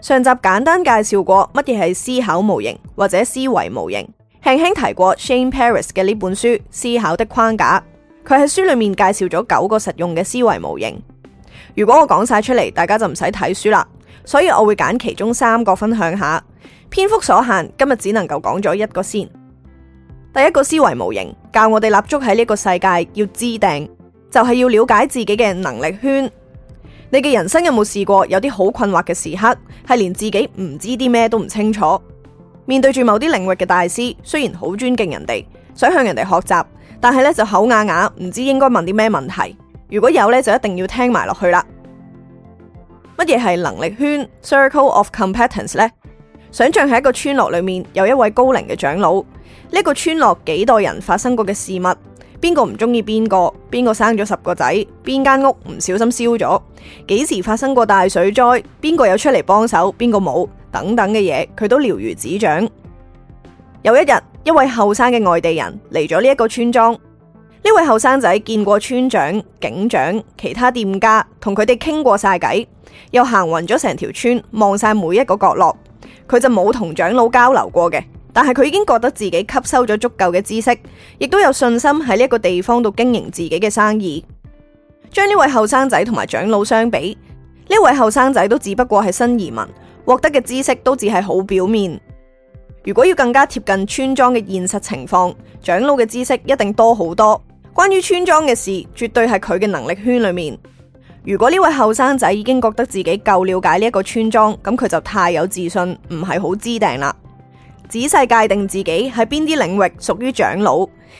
上集簡單介紹過乜嘢係思考模型或者思維模型，輕輕提過 Shane Paris 嘅呢本書《思考的框架》，佢喺書裏面介紹咗九個實用嘅思維模型。如果我講晒出嚟，大家就唔使睇書啦。所以我會揀其中三個分享下，篇幅所限，今日只能夠講咗一個先。第一個思維模型教我哋立足喺呢個世界要知定，就係要了解自己嘅能力圈。你嘅人生有冇試過有啲好困惑嘅時刻，係連自己唔知啲咩都唔清楚？面對住某啲領域嘅大師，雖然好尊敬人哋，想向人哋學習，但係咧就口啞啞，唔知應該問啲咩問題？如果有咧，就一定要聽埋落去啦。乜嘢係能力圈 （circle of competence） 咧？想象喺一個村落裏面，有一位高齡嘅長老，呢個村落幾代人發生過嘅事物。邊個唔中意邊個？邊個生咗十個仔？邊間屋唔小心燒咗？幾時發生過大水災？邊個有出嚟幫手？邊個冇？等等嘅嘢，佢都了如指掌。有一日，一位後生嘅外地人嚟咗呢一個村莊。呢位後生仔見過村長、警長、其他店家，同佢哋傾過晒偈，又行勻咗成條村，望晒每一個角落，佢就冇同長老交流過嘅。但係佢已經覺得自己吸收咗足夠嘅知識，亦都有信心喺呢一個地方度經營自己嘅生意。將呢位後生仔同埋長老相比，呢位後生仔都只不過係新移民，獲得嘅知識都只係好表面。如果要更加貼近村莊嘅現實情況，長老嘅知識一定多好多。關於村莊嘅事，絕對係佢嘅能力圈裏面。如果呢位後生仔已經覺得自己夠了解呢一個村莊，咁佢就太有自信，唔係好知定啦。仔細界定自己喺邊啲領域屬於長老，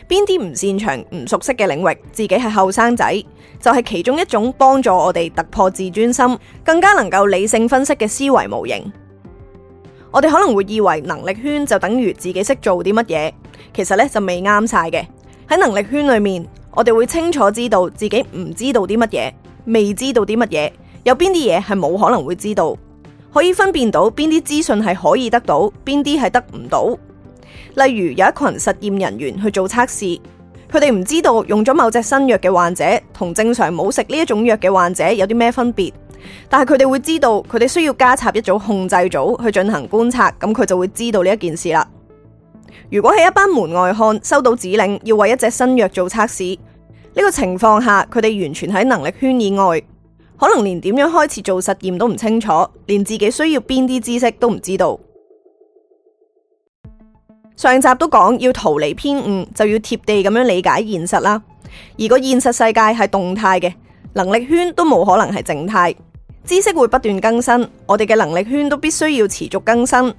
邊啲唔擅長、唔熟悉嘅領域，自己係後生仔，就係、是、其中一種幫助我哋突破自尊心，更加能夠理性分析嘅思維模型。我哋可能會以為能力圈就等於自己識做啲乜嘢，其實咧就未啱晒嘅。喺能力圈裏面，我哋會清楚知道自己唔知道啲乜嘢，未知道啲乜嘢，有邊啲嘢係冇可能會知道。可以分辨到邊啲資訊係可以得到，邊啲係得唔到。例如有一群實驗人員去做測試，佢哋唔知道用咗某隻新藥嘅患者同正常冇食呢一種藥嘅患者有啲咩分別，但係佢哋會知道佢哋需要加插一組控制組去進行觀察，咁佢就會知道呢一件事啦。如果喺一班門外漢收到指令要為一隻新藥做測試，呢個情況下佢哋完全喺能力圈以外。可能連點樣開始做實驗都唔清楚，連自己需要邊啲知識都唔知道。上集都講要逃離偏誤，就要貼地咁樣理解現實啦。如果現實世界係動態嘅，能力圈都冇可能係靜態，知識會不斷更新，我哋嘅能力圈都必須要持續更新。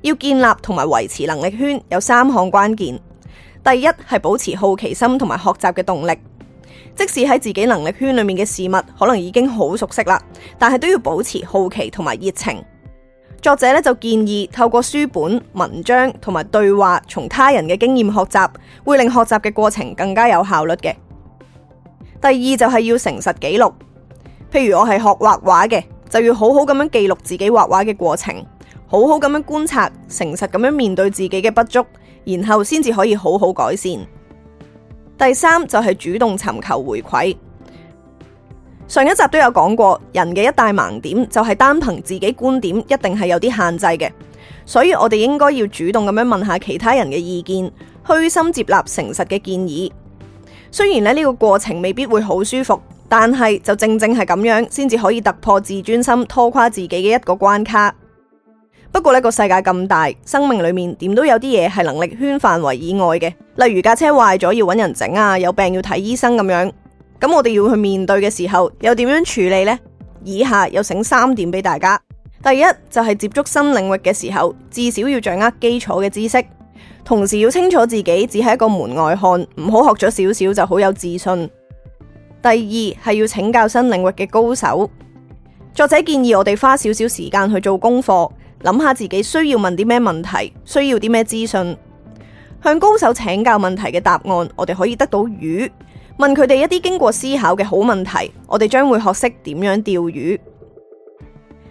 要建立同埋維持能力圈有三項關鍵：第一係保持好奇心同埋學習嘅動力。即使喺自己能力圈裏面嘅事物，可能已經好熟悉啦，但係都要保持好奇同埋熱情。作者咧就建議透過書本文章同埋對話，從他人嘅經驗學習，會令學習嘅過程更加有效率嘅。第二就係要誠實記錄，譬如我係學畫畫嘅，就要好好咁樣記錄自己畫畫嘅過程，好好咁樣觀察，誠實咁樣面對自己嘅不足，然後先至可以好好改善。第三就係主動尋求回饋，上一集都有講過，人嘅一大盲點就係單憑自己觀點一定係有啲限制嘅，所以我哋應該要主動咁樣問下其他人嘅意見，虛心接納誠實嘅建議。雖然咧呢個過程未必會好舒服，但係就正正係咁樣先至可以突破自尊心，拖垮自己嘅一個關卡。不過呢個世界咁大，生命裏面點都有啲嘢係能力圈範圍以外嘅，例如架車壞咗要搵人整啊，有病要睇醫生咁樣。咁我哋要去面對嘅時候，又點樣處理呢？以下有醒三點俾大家。第一就係接觸新領域嘅時候，至少要掌握基礎嘅知識，同時要清楚自己只係一個門外漢，唔好學咗少少就好有自信。第二係要請教新領域嘅高手。作者建議我哋花少少時間去做功課。諗下自己需要問啲咩問題，需要啲咩資訊，向高手請教問題嘅答案，我哋可以得到魚。問佢哋一啲經過思考嘅好問題，我哋將會學識點樣釣魚。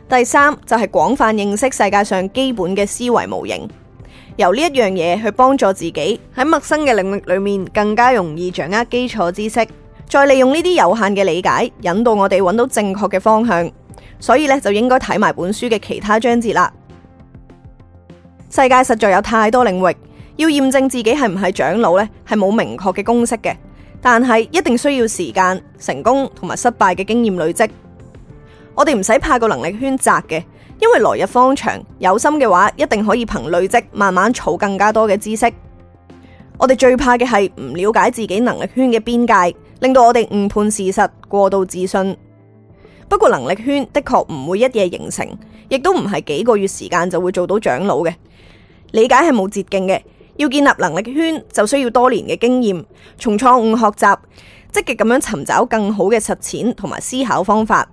第三就係廣泛認識世界上基本嘅思維模型，由呢一樣嘢去幫助自己喺陌生嘅領域裏面更加容易掌握基礎知識，再利用呢啲有限嘅理解，引導我哋揾到正確嘅方向。所以咧就應該睇埋本書嘅其他章節啦。世界實在有太多領域要驗證自己係唔係長老，呢係冇明確嘅公式嘅，但係一定需要時間、成功同埋失敗嘅經驗累積。我哋唔使怕個能力圈窄嘅，因為來日方長，有心嘅話一定可以憑累積慢慢儲更加多嘅知識。我哋最怕嘅係唔了解自己能力圈嘅邊界，令到我哋誤判事實，過度自信。不過能力圈的確唔會一夜形成，亦都唔係幾個月時間就會做到長老嘅。理解係冇捷徑嘅，要建立能力圈就需要多年嘅經驗，從錯誤學習，積極咁樣尋找更好嘅實踐同埋思考方法。